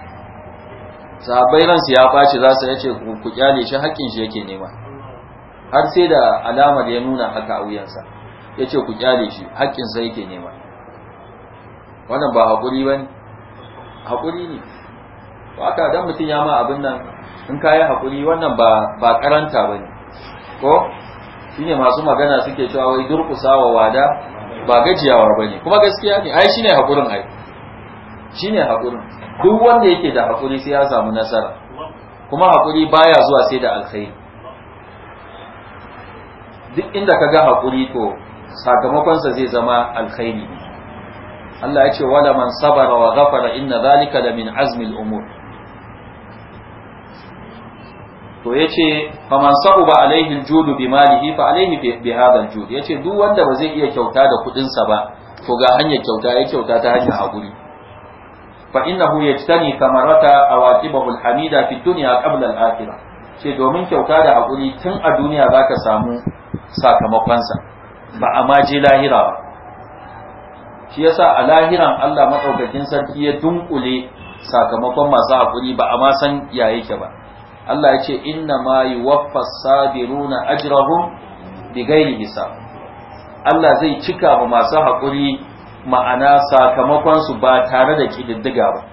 Speaker 2: sahabbai su ya bashi za su ya ce ku kyale shi haƙƙin shi yake nema har sai da alamar ya nuna haka a wuyansa ya ce ku kyale shi haƙƙin sa yake nema wannan ba hakuri ba ne ne ba ka dan mutum ya ma abin nan in ka yi haƙuri wannan ba karanta ba ne ko shine masu magana suke cewa wai durƙusa wa wada ba gajiyawa ba ne kuma gaskiya ne ai shi ne haƙurin ai shi ne haƙurin duk wanda yake da haƙuri sai ya samu nasara kuma haƙuri baya zuwa sai da alkhairi duk inda ka ga haƙuri to sakamakonsa zai zama alkhairi Allah ya ce wala man sabara wa ghafara inna zalika la min azmil umur to yace faman ba alaihi aljudu bi malihi fa alaihi bi hadha aljud yace duk wanda ba zai iya kyauta da kudin sa ba to ga hanyar kyauta ya kyauta ta hanyar hakuri fa innahu yajtani thamarata awaqibahu alhamida fi dunya qabla alakhirah ce domin kyauta da hakuri tun a duniya zaka samu sakamakon sa ba a ma je lahira ba shi yasa a lahiran Allah madaukakin sarki ya dunkule sakamakon masu hakuri ba a ma san ya yake ba Allah ya ce inna ma yuwaffa sabiruna ajrahum bighairi hisab Allah zai cika wa masu haƙuri ma'ana sakamakon su ba tare da kididdiga ba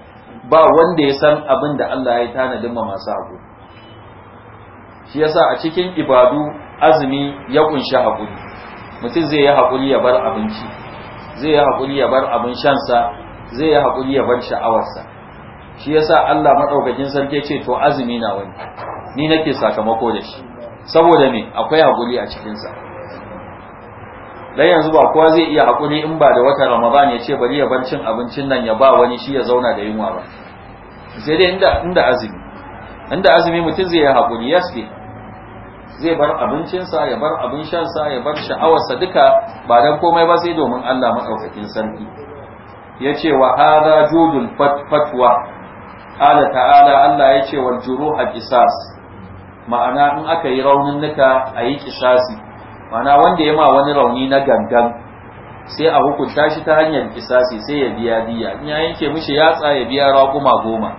Speaker 2: ba wanda ya san abin da Allah ya tanadin ma masu haƙuri shi yasa a cikin ibadu azumi ya kunshi haƙuri mutum zai yi haƙuri ya bar abinci zai yi haƙuri ya bar abin shansa zai yi haƙuri ya bar sha'awarsa shi yasa Allah madaukakin sarki yace to azumi na wani ni nake sakamako da shi saboda me akwai hakuri a cikin sa dan yanzu ba kowa zai iya hakuri in ba da watan Ramadan ya ce bari ya bar cin abincin nan ya ba wani shi ya zauna da yunwa ba sai dai inda inda azumi inda azumi mutum zai yi hakuri yasbi zai bar abincinsa ya bar abin shansa ya bar sha'awarsa duka ba dan komai ba sai domin Allah madaukakin sarki ya ce wa hada judul fatwa qala ta'ala Allah ya ce wal juruha qisas ma'ana in aka yi raunin nuka a yi kisasi ma'ana wanda ya ma wani rauni na gangan sai a hukunta shi ta hanyar kisasi sai ya biya biya in ya yanke mishi yatsa ya biya raguma goma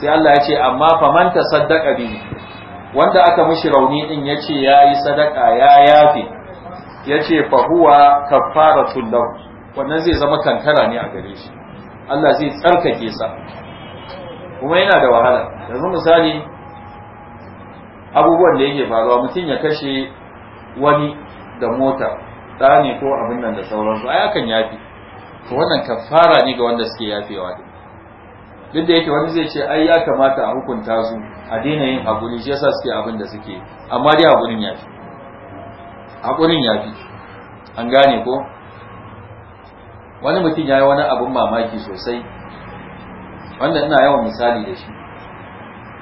Speaker 2: sai Allah ya ce amma fa ta sadaka bi wanda aka mishi rauni din ya ce ya yi sadaka ya yafe ya ce fa huwa kafaratul lahu wannan zai zama kankara ne a gare shi Allah zai tsarkake sa kuma yana da wahala yanzu misali abubuwan da yake faruwa mutum ya kashe wani da mota tsani, ko abin nan da sauransu ai akan yafi to wannan kafara ne ga wanda suke yafewa din duk da yake wani zai ce ai ya kamata a hukunta su a daina yin haƙuri shi yasa suke abin da suke amma dai haƙurin yafi haƙurin yafi an gane ko wani mutum ya yi wani abin mamaki sosai Wanda ina yawan misali da shi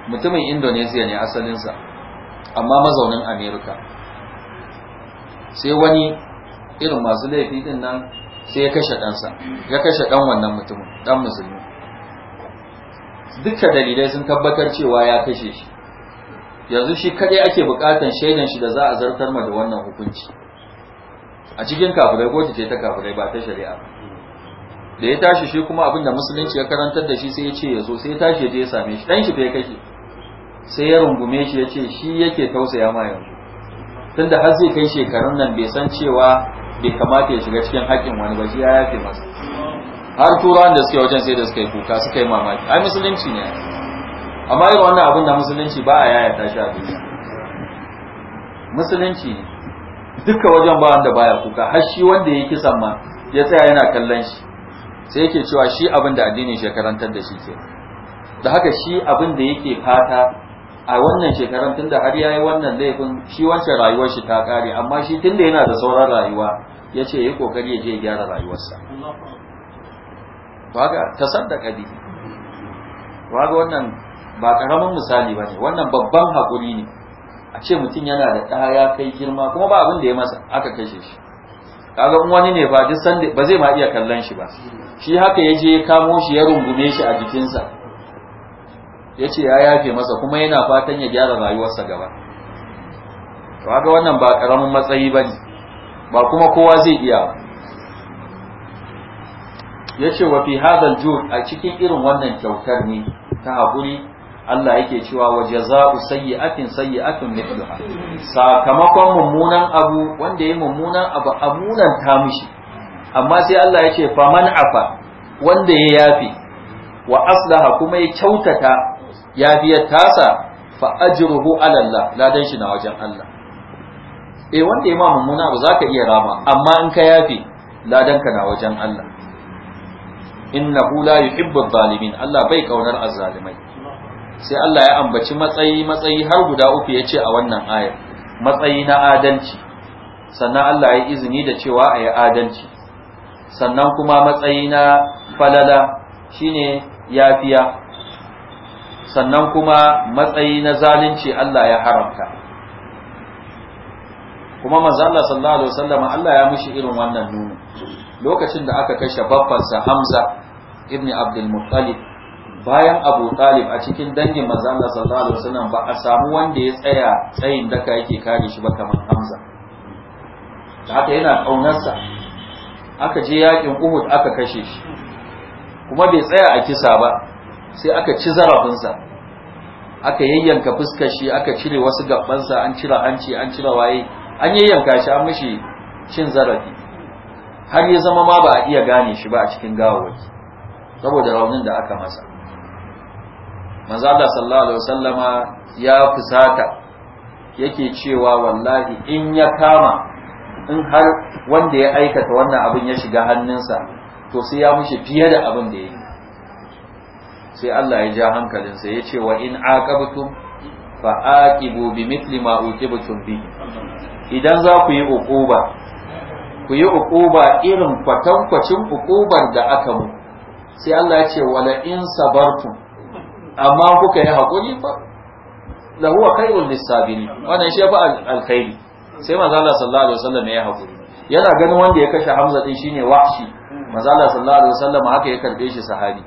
Speaker 2: mutumin indonesia ne asalinsa amma mazaunin america sai wani irin masu laifi din nan sai ya kashe ɗansa ya kashe ɗan wannan mutumin ɗan musulmi dukkan dalilai sun tabbatar cewa ya kashe shi yanzu shi kaɗai ake bukatan shaidan shi da za a zartar ma da wannan hukunci a cikin kafirai kotu ce ta kafirai ba ta shari'a da ya tashi shi kuma abinda musulunci ya karantar da shi sai ya ce ya zo sai ya tashi ya je ya same shi dan shi bai kashe sai ya rungume shi ya ce shi yake tausaya ma yanzu tunda har zai kai shekarun nan bai san cewa bai kamata ya shiga cikin haƙƙin wani ba shi ya yafe masa har turawan da suke wajen sai da suka yi kuka suka yi mamaki ai musulunci ne amma irin wannan abin da musulunci ba a yaya tashi a duniya musulunci ne duka wajen ba wanda baya kuka har shi wanda ya kisan ma ya tsaya yana kallon shi sai yake cewa shi abin da addinin shi karantar da shi ke da haka shi abin da yake fata a wannan shekaran tunda har yayi wannan laifin shi wancan rayuwar shi ta kare amma shi tunda yana da sauran rayuwa ya yace ya kokari ya je ya gyara rayuwarsa waga ta saddaka bi waga wannan ba karamin misali bane wannan babban hakuri ne a ce mutum yana da ɗaya kai girma kuma ba abin da ya masa aka kashe shi kaga in wani ne ba duk san ba zai ma iya kallon shi ba shi haka ya je ya kamo shi ya rungume shi a jikinsa ya ce ya yafe masa kuma yana fatan ya gyara rayuwarsa gaba to haka wannan ba karamin matsayi ba ne ba kuma kowa zai iya yace ya ce wa fi hadal jur a cikin irin wannan kyautar ne ta haƙuri Allah yake cewa wa jaza'u sayyi'atin sayyi'atun mithluha sakamakon mummunan abu wanda yayi mummunan abu amunan ta mishi amma sai Allah yake faman afa wanda ya yafi wa aslaha kuma ya kyautata yafiyar tasa fa ajruhu ala Allah ladan shi na wajen Allah eh wanda yayi mummunan abu zaka iya rama amma in ka yafi ladan ka na wajen Allah innahu la yuhibbu adh-dhalimin Allah bai kaunar azzalimai sai Allah ya ambaci matsayi matsayi har guda uku ya ce a wannan ayar matsayi na adalci sannan Allah ya izini da cewa a yi adalci sannan kuma matsayi na falala shine yafiya sannan kuma matsayi na zalunci Allah ya haramta kuma manzo Allah sallallahu alaihi wasallam Allah ya mishi irin wannan nuni lokacin da aka kashe babbansa Hamza ibn Abdul Muttalib bayan Abu Talib a cikin dangin manzo Allah sallallahu alaihi ba a samu wanda ya tsaya tsayin daka yake kare shi ba kamar Hamza da haka yana kaunarsa aka je yakin Uhud aka kashe shi kuma bai tsaya a kisa ba sai aka ci zarafinsa aka yayyanka fuskar shi aka cire wasu gabbansa an cire hanci an cire waye an yayyanka shi an mishi cin zarafi har ya zama ma ba a iya gane shi ba a cikin gawawaki saboda raunin da aka masa manzo Allah sallallahu alaihi wasallama ya fusata yake cewa wallahi in ya kama in har wanda ya aikata wannan abin ya shiga hannunsa to sai ya mushi fiye da abin da ya yi sai Allah ya ja hankalinsa ya ce wa in aqabtum fa aqibu bi mithli ma uqibtum bi idan za ku yi uquba ku yi uquba irin kwatankwacin uqubar da aka mu sai Allah ya ce wala in sabartum amma kuka yi haƙuri fa da huwa khairul lisabini wannan shi fi alkhairi sai manzo Allah sallallahu alaihi wasallam ya haƙuri yana ganin wanda ya kashe Hamza din shine wahshi manzo Allah sallallahu alaihi wasallam haka ya karbe shi sahabi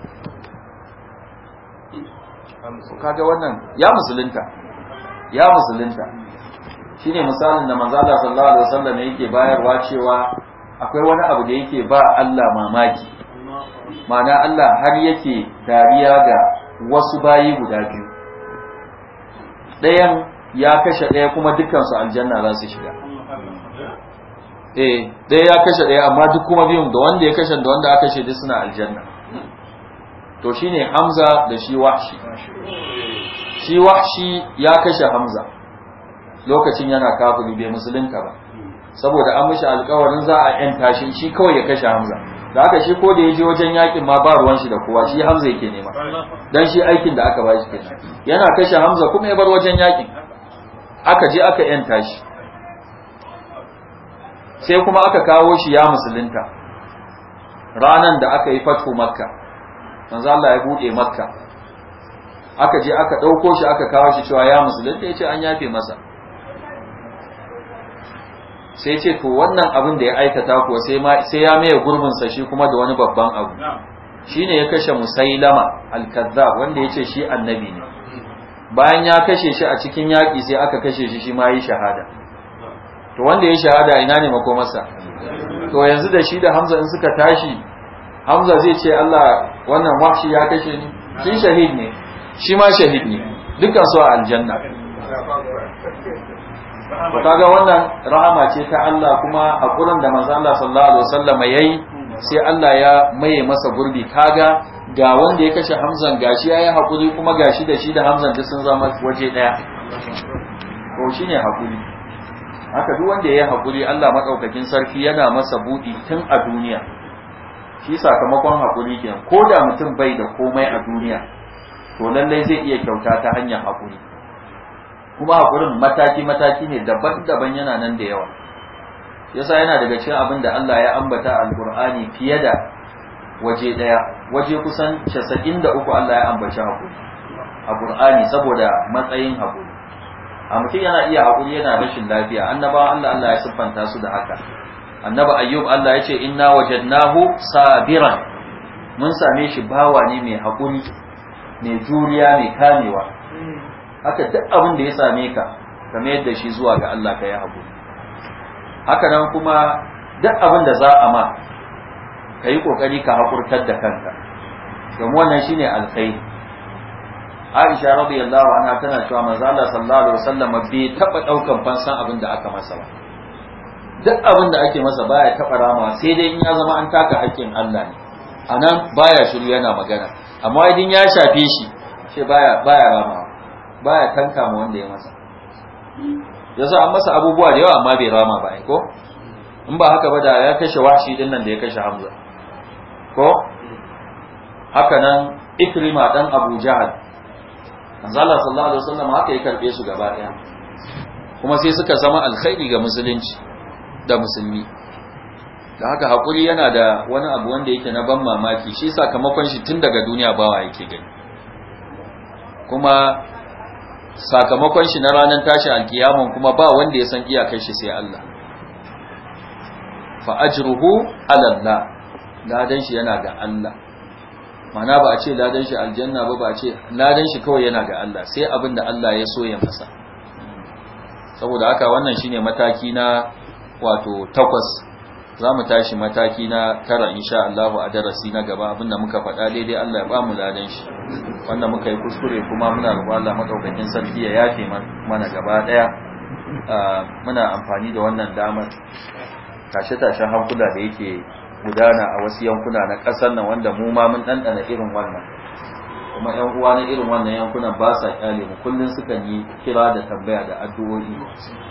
Speaker 2: kaga wannan ya musulunta ya musulunta shine misalin da manzo sallallahu alaihi wasallam yake bayarwa cewa akwai wani abu da yake ba Allah mamaki ma'ana Allah har yake dariya ga wasu bayi guda biyu ɗayan ya kashe ɗaya kuma dukansu aljanna za su shiga eh ɗaya ya kashe ɗaya amma duk kuma biyun da wanda ya kashe da wanda aka kashe duk suna aljanna to shine hamza da shi wahshi shi wahshi ya kashe hamza lokacin yana kafiri bai musulunta ba saboda an mishi alkawarin za a yanta shi shi kawai ya kashe hamza da haka shi ko da ya je wajen yakin ma ba ruwan shi da kowa shi hamza yake nema dan shi aikin da aka bashi kenan yana kashe hamza kuma ya bar wajen yakin aka je aka yanta shi sai kuma aka kawo shi ya musulunta ranan da aka yi fatu makka manzo Allah ya bude makka aka je aka dauko shi aka kawo shi cewa ya musulunta yace an yafe masa sai ce to wannan abin da ya aikata ko sai ya maye sa shi kuma da wani babban abu shi ya kashe musailama alkazzab wanda yace ce shi annabi ne bayan ya kashe shi a cikin yaki sai aka kashe shi shi ma yi shahada to wanda ya shahada ina ne makomarsa to yanzu da shi da hamza in suka tashi hamza zai ce allah wannan wahshi ya kashe ni shi shahid ne shi ma shahid ne dukkan su a aljanna
Speaker 1: to kaga wannan rahama ce ta Allah kuma a kuran da manzo Allah sallallahu alaihi wasallam yayi
Speaker 2: sai Allah ya maye masa gurbi kaga ga wanda ya kashe Hamzan gashi yayi hakuri kuma gashi da shi da Hamzan duk sun zama waje daya ko shine hakuri haka duk wanda yayi hakuri Allah madaukakin sarki yana masa budi tun a duniya shi sakamakon hakuri kenan ko da mutum bai da komai a duniya to lallai zai iya kyauta ta hanyar hakuri kuma haƙurin mataki-mataki ne daban-daban yana nan da yawa yasa yana daga cikin abin da Allah ya ambata alƙur'ani fiye da waje ɗaya waje kusan casa'in da uku Allah ya ambaci haƙuri a saboda matsayin hakuri a mutum yana iya hakuri yana rashin lafiya annaba Allah Allah ya siffanta su da haka annaba ayyub Allah ya ce inna wajadnahu sabiran mun same shi bawa ne mai haƙuri mai juriya mai kamewa haka duk abin da ya same ka ka mayar da shi zuwa ga Allah ka yi haka nan kuma duk abin da za a ma ka yi ƙoƙari ka haƙurtar da kanka domin wannan shine alkhairi Aisha radiyallahu anha tana cewa manzo Allah sallallahu alaihi wasallam bai taba daukan fansan abin da aka masa ba duk abin da ake masa baya taba rama sai dai in ya zama an taka haƙƙin Allah ne anan baya shiru yana magana amma idan ya shafe shi sai baya baya rama baya tanka ma wanda ya masa yasa an masa abubuwa da yawa amma bai rama ba ko in ba haka ba da ya kashe washi din nan da ya kashe Hamza ko haka nan Ikrima dan Abu Jahal manzo sallallahu alaihi wasallam haka ya karbe su gaba daya kuma sai suka zama alkhairi ga musulunci da musulmi da haka hakuri yana da wani abu wanda yake na ban mamaki shi sakamakon shi tun daga duniya bawa yake gani kuma sakamakon shi na ranar tashi alkiyaman kuma ba wanda ya san iyakar shi sai Allah fa ajruhu ala Allah ladan shi yana ga Allah mana ba a ce ladan shi aljanna ba ba a ce ladan shi kawai yana ga Allah sai abin da Allah ya so ya masa saboda haka wannan shine mataki na wato takwas za mu tashi mataki na tara in sha Allah a darasi na gaba abinda muka faɗa daidai Allah ya ba mu ladan shi wanda muka yi kuskure kuma muna ruwa Allah madaukakin sarki ya yafe mana gaba daya muna amfani da wannan damar tashi tashen hankula da yake gudana a wasu yankuna na ƙasar nan wanda mu ma mun ɗanɗana irin wannan kuma ƴan uwa na irin wannan yankunan ba sa kyale mu kullun suka yi kira da tambaya da addu'o'i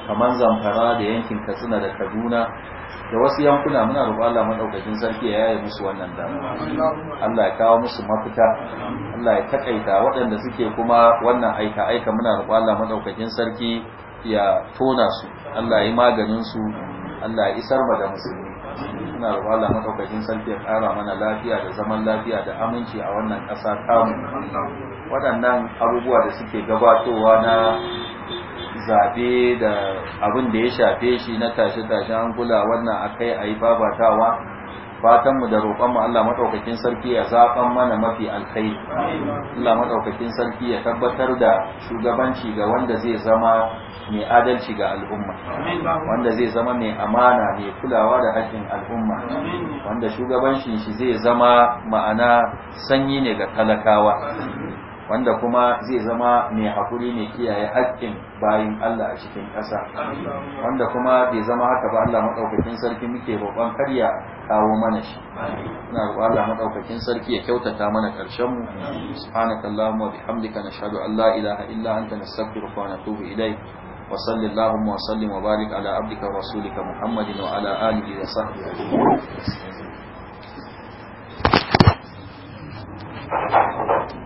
Speaker 2: kamar zamfara da yankin katsina da kaduna da wasu yankuna muna roƙon Allah sarki ya yaye musu wannan damuwa Allah ya kawo musu mafita Allah ya takaita waɗanda suke kuma wannan aika aika muna roƙon Allah sarki ya tona su Allah ya maganin su Allah ya isar ba da musulmi muna roƙon Allah sarki ya ƙara mana lafiya da zaman lafiya da aminci a wannan ƙasa tamu waɗannan abubuwa da suke gabatowa na zaɓe da abin da ya shafe shi na tashe-tashe hankula wannan akai a yi babatawa fatanmu da roƙonmu Allah maɗaukakin sarki ya zaɓan mana mafi alkai Allah maɗaukakin sarki ya tabbatar da shugabanci ga wanda zai zama mai adalci ga al'umma wanda zai zama mai amana mai kulawa da haƙƙin al'umma wanda shugabancin shi zai zama ma'ana sanyi ne ga talakawa wanda kuma zai zama mai haƙuri mai kiyaye haƙƙin bayin Allah a cikin ƙasa wanda kuma bai zama haka ba Allah maɗaukakin sarki muke babban karya kawo mana shi ina roƙon Allah maɗaukakin sarki ya kyautata mana ƙarshen mu subhanakallahumma wa bihamdika nashhadu an la ilaha illa anta nastaghfiruka wa natubu ilayk wa sallallahu wa sallim wa barik ala abdika wa rasulika muhammadin wa ala alihi wa sahbihi ajma'in